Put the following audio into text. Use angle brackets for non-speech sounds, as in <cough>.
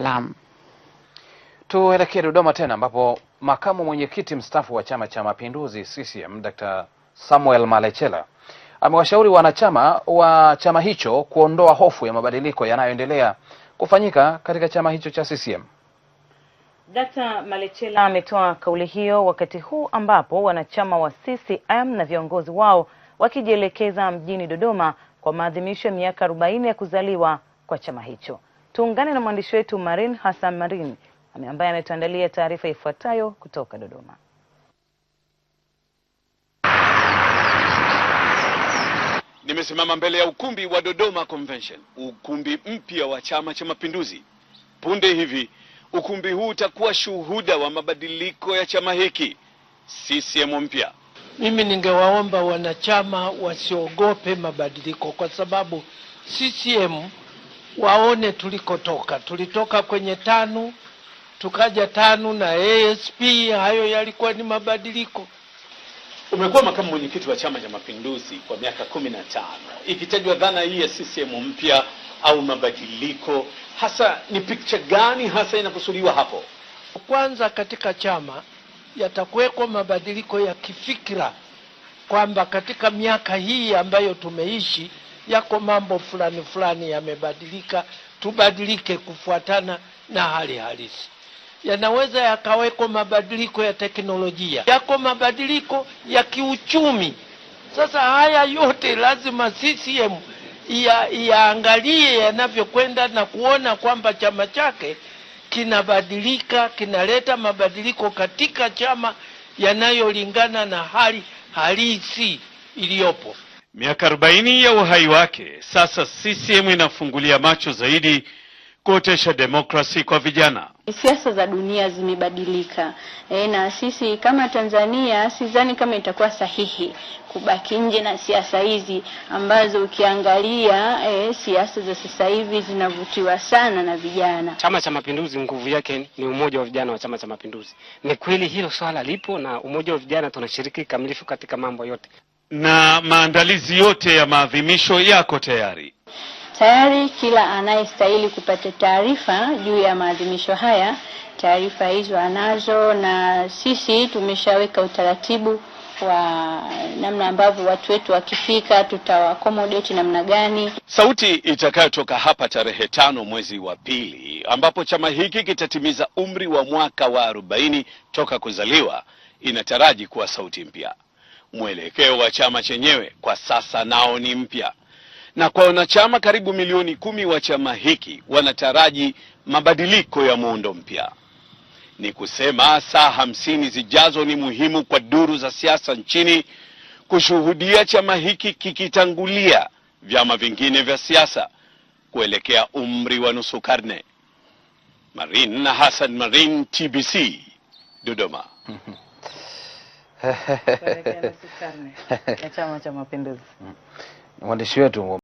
Salaam. Tuelekee Dodoma tena ambapo makamu mwenyekiti mstaafu wa Chama cha Mapinduzi CCM Dr. Samuel Malecela amewashauri wanachama wa chama hicho kuondoa hofu ya mabadiliko yanayoendelea kufanyika katika chama hicho cha CCM. Dr. Malecela ametoa kauli hiyo wakati huu ambapo wanachama wa CCM na viongozi wao wakijielekeza mjini Dodoma kwa maadhimisho ya miaka 40 ya kuzaliwa kwa chama hicho. Tuungane na mwandishi wetu Marin Hassan Marin ambaye ametuandalia taarifa ifuatayo kutoka Dodoma. Nimesimama mbele ya ukumbi wa Dodoma Convention, ukumbi mpya wa Chama cha Mapinduzi. Punde hivi ukumbi huu utakuwa shuhuda wa mabadiliko ya chama hiki CCM mpya. Mimi ningewaomba wanachama wasiogope mabadiliko, kwa sababu CCM waone tulikotoka. Tulitoka kwenye tanu tukaja tanu na ASP, hayo yalikuwa ni mabadiliko. Umekuwa makamu mwenyekiti wa Chama cha Mapinduzi kwa miaka kumi na tano, ikitajwa dhana hii ya CCM mpya au mabadiliko, hasa ni picture gani hasa inakusudiwa hapo? Kwanza, katika chama yatakuwekwa mabadiliko ya kifikira, kwamba katika miaka hii ambayo tumeishi yako mambo fulani fulani yamebadilika, tubadilike kufuatana na hali halisi. Yanaweza yakaweko mabadiliko ya teknolojia, yako mabadiliko ya kiuchumi. Sasa haya yote lazima CCM yaangalie yanavyokwenda na kuona kwamba chama chake kinabadilika, kinaleta mabadiliko katika chama yanayolingana na hali halisi iliyopo miaka arobaini ya uhai wake, sasa CCM inafungulia macho zaidi kuotesha demokrasi kwa vijana. Siasa za dunia zimebadilika e, na sisi kama Tanzania sidhani kama itakuwa sahihi kubaki nje na siasa hizi ambazo ukiangalia e, siasa za sasa hivi zinavutiwa sana na vijana. Chama cha Mapinduzi nguvu yake ni umoja wa vijana wa Chama cha Mapinduzi. Ni kweli hilo swala lipo, na umoja wa vijana tunashiriki kikamilifu katika mambo yote na maandalizi yote ya maadhimisho yako tayari. Tayari kila anayestahili kupata taarifa juu ya maadhimisho haya, taarifa hizo anazo, na sisi tumeshaweka utaratibu wa namna ambavyo watu wetu wakifika tutawakomodeti namna gani. Sauti itakayotoka hapa tarehe tano mwezi wa pili, ambapo chama hiki kitatimiza umri wa mwaka wa arobaini toka kuzaliwa, inataraji kuwa sauti mpya mwelekeo wa chama chenyewe kwa sasa nao ni mpya, na kwa wanachama karibu milioni kumi wa chama hiki wanataraji mabadiliko ya muundo mpya. Ni kusema saa hamsini zijazo ni muhimu kwa duru za siasa nchini kushuhudia chama hiki kikitangulia vyama vingine vya siasa kuelekea umri wa nusu karne. Marin na Hassan Marin, TBC, Dodoma. <laughs> ya <laughs> Chama cha Mapinduzi. Mwandishi wetu